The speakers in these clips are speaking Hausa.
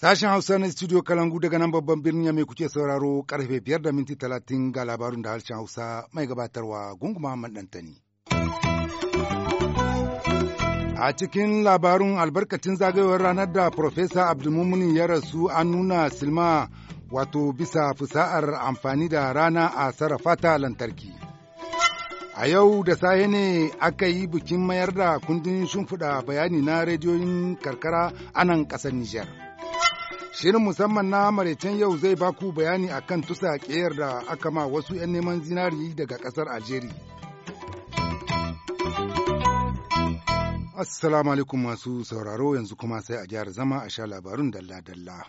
Sashen Hausa na Studio Kalangu daga nan babban birnin ya mai kuke sauraro karfe biyar da minti talatin ga labarin da harshen Hausa mai gabatarwa Gungu Muhammad Dantani. A cikin labarun albarkacin zagayowar ranar da Profesa Abdulmumuni ya rasu an nuna silma wato bisa fusa'ar amfani da rana a ta lantarki. A yau da sahe ne aka yi bikin mayar da kundin shimfiɗa bayani na rediyoyin karkara a nan ƙasar Nijar. Shirin musamman na maraicen yau zai baku bayani akan tusa ƙeyar da aka ma wasu 'yan neman zinari daga ƙasar Algeria. Assalamu alaikum masu sauraro yanzu kuma sai a gyara zama a sha labarun dalla-dalla.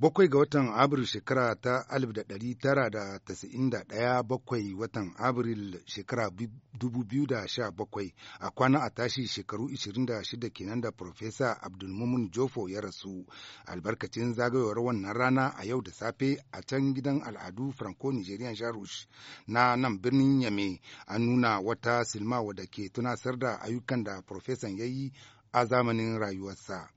bakwai ga watan abril shekara ta 1991 bakwai watan abril shekara 2017 a kwana a tashi shekaru 26 kenan da profesa Abdulmumin jofo ya rasu albarkacin zagayowar wannan rana a yau da safe a can gidan al'adu franco nigerian jarush na nan birnin yame an nuna wata silmawa da ke tunasar da ayyukan da profesan ya yi a zamanin rayuwarsa.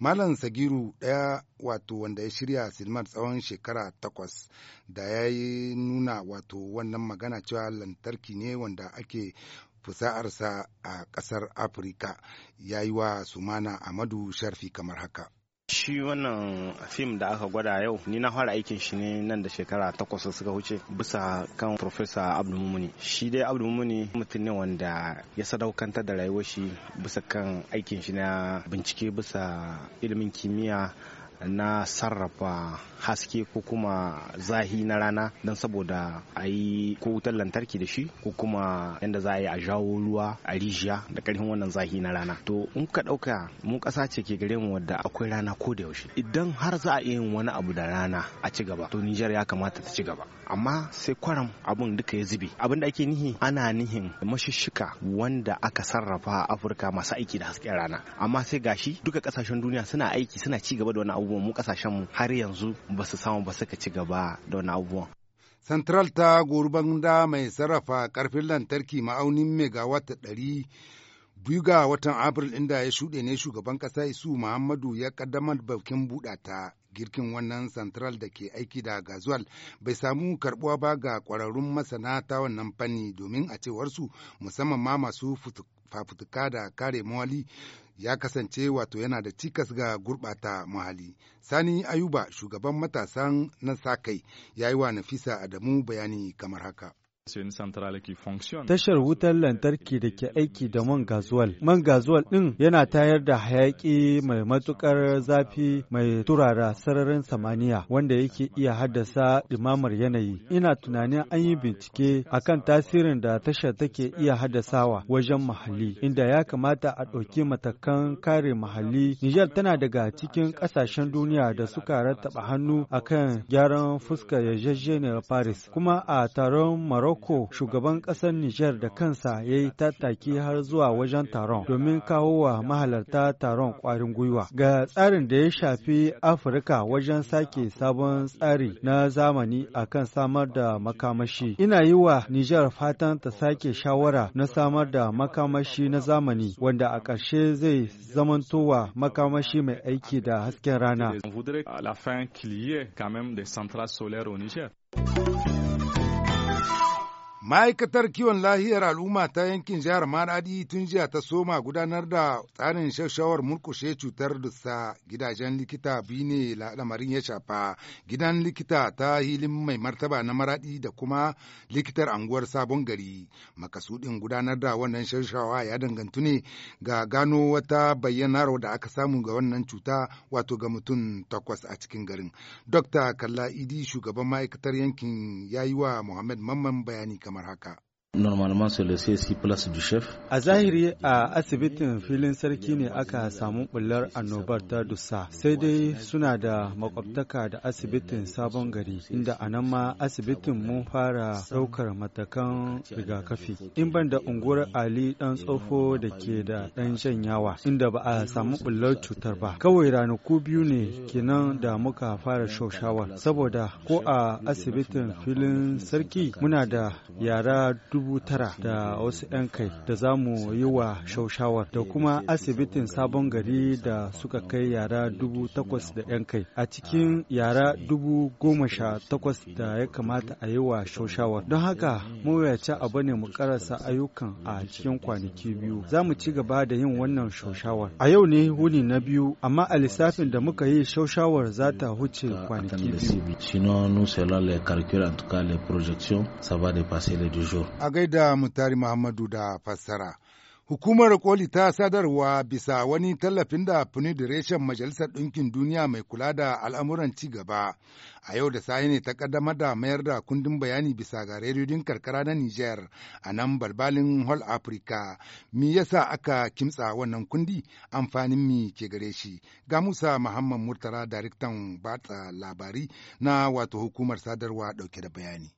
Malam Sagiru ɗaya wato wanda ya shirya silmar tsawon shekara takwas da ya yi nuna wato wannan magana cewa lantarki ne wanda ake fusa'arsa a ƙasar Afirka ya yi wa Sumana Amadu Sharfi kamar haka. shi wannan fim da aka gwada yau ni na fara aikin shi ne nan da shekara takwas suka wuce bisa kan profesa abdul shi dai abdul mutum ne wanda ya sadaukantar da rayuwar shi bisa kan aikin shi na bincike bisa ilimin kimiyya na sarrafa haske ko kuma zahi na rana don saboda a yi ko wutar lantarki da shi ko kuma yadda za a yi a jawo ruwa a rijiya da karfin wannan zahi na rana to in ka ɗauka mu kasa ce ke gare mu wadda akwai rana ko da yaushe idan har za a iya wani abu da rana a ci gaba to Nijar ya kamata ta ci gaba amma sai kwaram abun duka ya zube abin da ake nihi ana nihin mashishika wanda aka sarrafa a Afirka masu aiki da hasken rana amma sai gashi duka kasashen duniya suna aiki suna ci gaba da wani abu abubuwan mu kasashen mu har yanzu ba su samu ba suka ci gaba da wani abubuwan Central ta gurban da mai sarrafa karfin lantarki ma'aunin megawatt ɗari biyu ga watan afril inda ya shuɗe ne shugaban ƙasa Isu Muhammadu ya ƙaddamar bakin buɗa ta girkin wannan central da ke aiki da gazuwal bai samu karbuwa ba ga kwararrun masana ta wannan fanni domin a cewarsu musamman ma masu fafutuka da kare muhalli ya kasance wato yana da cikas ga gurɓata muhalli. Sani Ayuba shugaban matasan na sa kai ya yi wa Nafisa Adamu bayani kamar haka. Tashar wutar lantarki da ke aiki da man gazuwal. Man gazuwal ɗin yana tayar da hayaƙi mai matuƙar zafi mai turara sararin samaniya wanda yake iya haddasa dimamar yanayi. Ina tunanin an yi bincike a kan tasirin da tashar take iya haddasawa wajen mahalli, inda ya kamata a ɗauki matakan kare mahalli. Nijar tana daga cikin ƙasashen duniya da suka rattaba hannu akan gyaran fuskar yarjejeniyar Paris, kuma a taron Morocco Morocco shugaban ƙasar Nijar da kansa ya yi tattaki har zuwa wajen taron domin kawo wa mahalarta taron ƙwarin gwiwa. Ga tsarin da ya shafi Afirka wajen sake sabon tsari na zamani a kan samar da makamashi. Ina yi wa Nijar fatan ta sake shawara na samar da makamashi na zamani wanda a ƙarshe zai zamantowa makamashi mai aiki da hasken rana. Ma'aikatar kiwon lahiyar al'umma ta yankin jihar Maradi tun jiya ta soma gudanar da tsarin shashawar murkushe cutar sa gidajen likita biyu ne lamarin ya shafa gidan likita ta hilin mai martaba na Maradi da kuma likitar anguwar sabon gari. Makasudin gudanar da wannan shashawa ya dangantu ne ga gano wata bayyanar da aka samu ga wannan cuta wato ga mutum takwas a cikin garin. Dr. Kalla Idi shugaban ma'aikatar yankin ya yi wa Muhammad Mamman bayani kamar kamar haka. normalement c'est le A zahiri a asibitin filin sarki ne aka samu bullar annobar ta dusa sai dai suna da makwabtaka da asibitin sabon gari inda a nan ma asibitin mun fara daukar matakan rigakafi. In ban da unguwar Ali ɗan tsofo da ke da ɗan janyawa inda ba a samu bullar cutar ba. Kawai ranaku biyu ne kenan da muka fara shawar saboda ko a asibitin filin sarki muna da yara dubu dubu tara da wasu 'yan kai da za mu yi wa shaushawar da kuma asibitin sabon gari da suka kai yara dubu takwas da 'yan kai a cikin yara dubu goma sha takwas da ya kamata a yi wa shaushawar don haka mawuyaci abu ne mu karasa ayyukan a cikin kwanaki biyu za mu ci gaba da yin wannan shaushawar a yau ne wuni na biyu amma a lissafin da muka yi shaushawar za ta huce kwanaki biyu a gaida mutari Muhammadu da fassara. Hukumar koli ta sadarwa bisa wani tallafin da reshen Majalisar Ɗinkin Duniya mai kula da al'amuran ci gaba a yau da sahi ne ta ƙaddamar da mayar da kundin bayani bisa ga rediyoyin karkara na Nijar a nan balbalin Hall Africa. Me yasa aka kimtsa wannan kundi amfanin mi ke gare shi? Ga Musa Muhammad Murtala daraktan batsa labari na wato hukumar sadarwa ɗauke da bayani.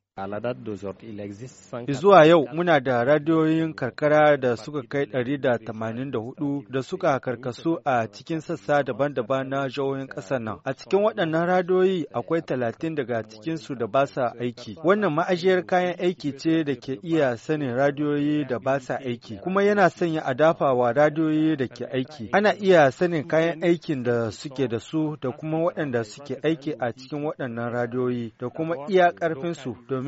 Zuwa yau muna da radiyoyin karkara da suka kai 184 da suka karkasu a cikin sassa daban-daban na jihohin ƙasar nan. A cikin waɗannan radiyoyi akwai 30 daga cikinsu da ba sa aiki. Wannan ma'ajiyar kayan aiki ce da ke iya sanin radiyoyi da ba sa aiki, kuma yana sanya a dafa wa radiyoyi da ke aiki. Ana iya sanin kayan aikin da suke da su da kuma waɗanda suke aiki a cikin waɗannan radiyoyi da kuma iya ƙarfinsu domin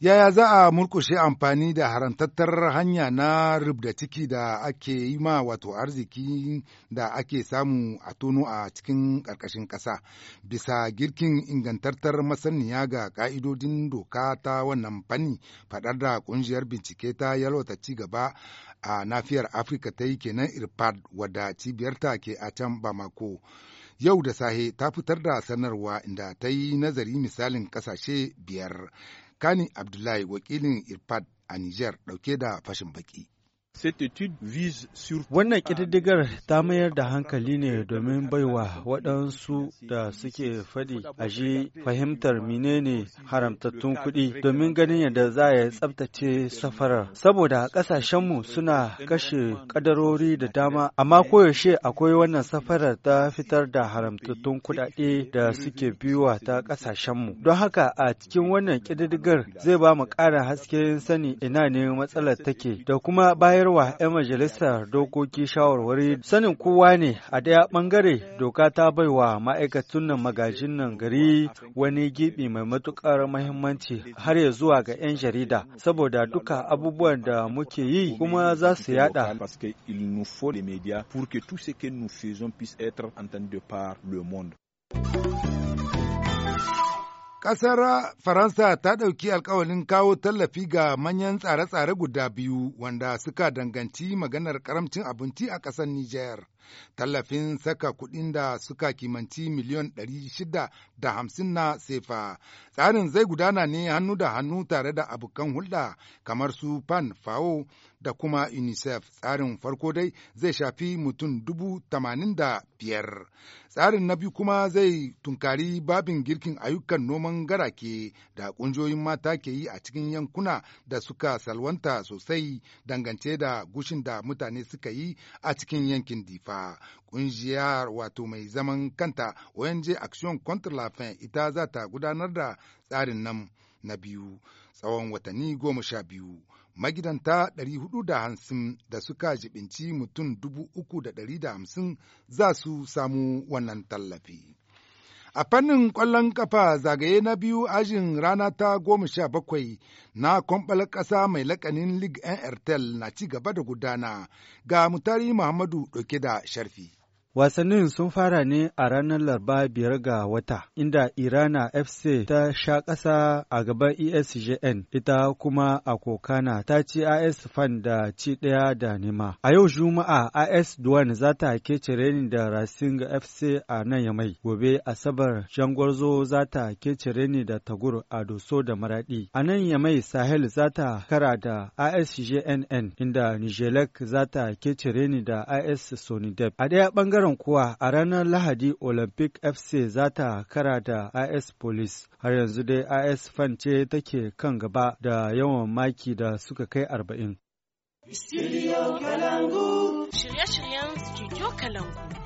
Yaya za a murkushe amfani da harantattar hanya na rubda ciki da ake yi ma wato arziki da ake samu a tono a cikin ƙarƙashin ƙasa bisa girkin ingantattar masaniya ga ƙa'idodin doka ta wannan fanni faɗar da ƙungiyar bincike ta yalwata ci gaba a nafiyar Afirka ta yi kenan irpad wadda cibiyarta ke a can Bamako. yau da sahe ta fitar da sanarwa inda ta yi nazari misalin ƙasashe biyar Kani Abdullahi wakilin Irfad a Nijar ɗauke da fashin baki. Wannan ƙididdigar ta mayar da hankali ne domin baiwa waɗansu da suke faɗi a shi fahimtar menene haramtattun kuɗi domin ganin yadda za a tsabtace safarar. Saboda ƙasashenmu suna kashe ƙadarori da dama, amma koyaushe akwai wannan safarar ta fitar da haramtattun kuɗaɗe da suke biwa ta ƙasashenmu. Don haka a cikin wannan ƙididdigar zai ba mu ƙara hasken sani ina ne matsalar take da kuma bayar wa 'yan majalisar dokoki shawarwari sanin kowa ne a daya bangare doka ta baiwa ma'aikatun nan magajin nan gari wani gibi mai matukar mahimmanci har ya zuwa ga 'yan jarida saboda duka abubuwan da muke yi kuma za su yada. Ƙasar Faransa ta ɗauki alkawalin kawo tallafi ga manyan tsare-tsare guda biyu wanda suka danganci maganar karamcin abinci a ƙasar Nijar. Tallafin saka kuɗin da suka kimanci miliyon hamsin na sefa. Tsarin zai gudana ne hannu da hannu tare da abokan hulɗa kamar su PAN, FAO da kuma UNICEF. Tsarin farko dai zai shafi mutum dubu tamanin da biyar. Tsarin na biyu kuma zai tunkari babin girkin ayyukan noman garake da ƙungiyoyin mata ke yi a cikin yankuna da suka salwanta sosai dangance da gushin da mutane suka yi a cikin yankin difa. Afirka. Ƙungiyar wato mai zaman kanta ONG Action Contre la Faim ita za ta gudanar da tsarin nan na biyu tsawon watanni goma sha biyu. Magidanta ɗari 450 da da suka jibinci mutum dubu hamsin, za su samu wannan tallafi. A fannin ƙwallon ƙafa zagaye na biyu ajin rana ta goma sha bakwai na kwamɓalar ƙasa mai lakanin League ertel na ci gaba da gudana ga Mutari Muhammadu ɗauke da sharfi. Wasannin sun fara ne a ranar Larba biyar ga wata, inda Irana FC ta sha ƙasa a gaban ESJN, ita kuma a Kokana ta ci AS Fan da ci ɗaya da nema. A yau Juma'a AS Duwan za ta kece reni da Racing FC a nan Yamai, gobe Asabar Jangwarzo za ta kece reni da Tagur a Doso da Maraɗi. A nan Yamai Sahel za ta kara da ASJNN, inda Nijelek za ta kece reni da AS Sonidep. A ɗaya ɓangaren bangaren kuwa a ranar Lahadi Olympic FC za ta kara da IS Police. Har yanzu dai IS Fan ce take kan gaba da yawan maki da suka kai arba'in. Shirye-shiryen Studio Kalangu.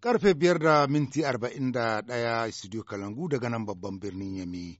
Karfe biyar da minti arba'in da ɗaya studio Kalangu daga nan babban birnin Yami.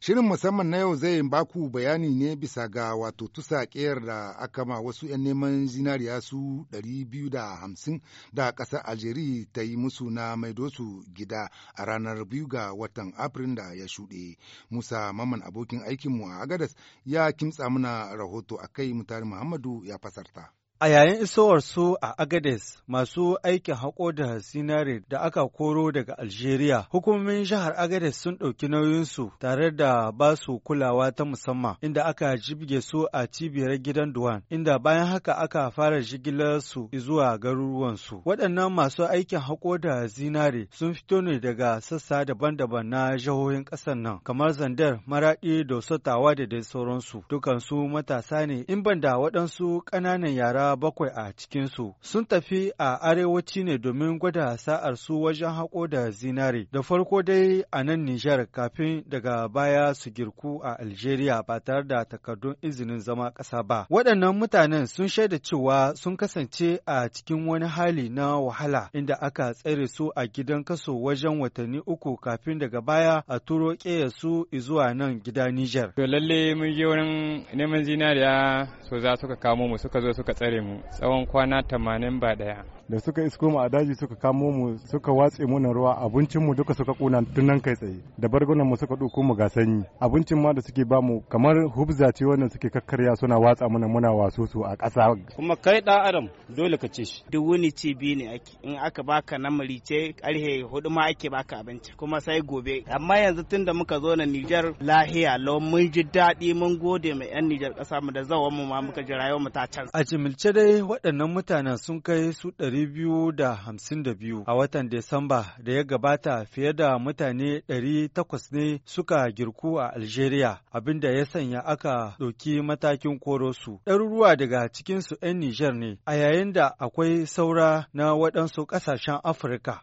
Shirin musamman na yau zai baku bayani ne bisa ga wato tusa ƙiyar da aka ma wasu 'yan neman zinariya su 250 da ƙasar Aljeri ta yi musu na maidosu gida a ranar biyu ga watan Afrin da ya shuɗe. Musa Maman abokin aikinmu a Agadas ya kimtsa mana rahoto a kai Mutari Muhammadu ya fasarta. A yayin isowarsu a Agades masu aikin haƙo da zinare da aka koro daga Algeria, hukumomin jihar Agades sun ɗauki nauyinsu tare da ba su kulawa ta musamman inda aka jibge su a cibiyar gidan Duwan, inda bayan haka aka fara jigilarsu zuwa garuruwansu. Waɗannan masu aikin haƙo da zinare sun fito ne daga sassa daban-daban na jihohin ƙasar nan, kamar Zandar, Maraɗi, Dosotawa da dai sauransu. Dukansu matasa ne, in banda waɗansu ƙananan yara bakwai a cikinsu sun tafi a arewaci ne domin gwada sa'ar su wajen haƙo da zinare. Da farko dai a nan Nijar kafin daga baya su girku a Algeria ba tare da takardun izinin zama ƙasa ba. Waɗannan mutanen sun shaida cewa sun kasance a cikin wani hali na wahala inda aka tsare su a gidan kaso wajen watanni uku kafin daga baya a turo ƙeya su zuwa nan gida Nijar. To lalle mun je wurin neman zinariya so za suka kamo mu suka zo suka tsare mu tsawon kwana tamanin ba ɗaya da suka isko mu a daji suka kamo mu suka watse mu ruwa abincin mu duka suka kuna tunan kai tsaye da bargunan mu suka duko mu ga sanyi abincin ma da suke bamu kamar hubza ce wannan suke kakkarya suna watsa mana muna wasu su a ƙasa kuma kai dan adam dole ka ce shi duk wani ci bi ne ake in aka baka na marice karhe hudu ma ake baka abinci kuma sai gobe amma yanzu tunda muka zo na Nijar lahiya lau mun ji daɗi mun gode mai yan Nijar kasa mu da zawon mu ma muka ji rayuwar mu ta can a jimilce dai waɗannan mutanen sun kai su 252 a watan Disamba da ya gabata fiye da mutane 800 ne suka girku a Algeria, abinda ya sanya aka ɗauki matakin korosu. Ɗaruruwa daga cikinsu 'yan Nijar ne, a yayin da akwai saura na waɗansu ƙasashen Afirka.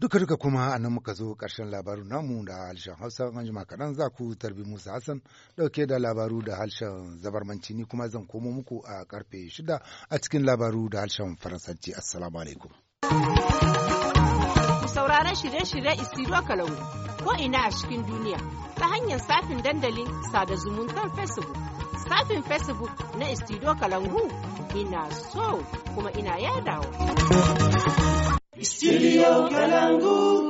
duka duka kuma a nan muka zo ƙarshen labaru namu da harshen hausa an jima kaɗan za ku tarbi musa hassan ɗauke da labaru da harshen zabarmanci ni kuma zan komo muku a karfe shida a cikin labaru da harshen faransanci assalamu alaikum sauraron shirye-shirye isiro kalau ko ina a cikin duniya ta hanyar safin dandalin sada zumuntar facebook safin facebook na isiro kalangu ina so kuma ina yadawa Studio Kalangu.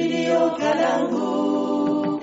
Studio Kalangu.